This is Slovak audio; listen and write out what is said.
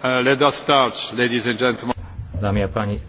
Uh, Dámy a páni,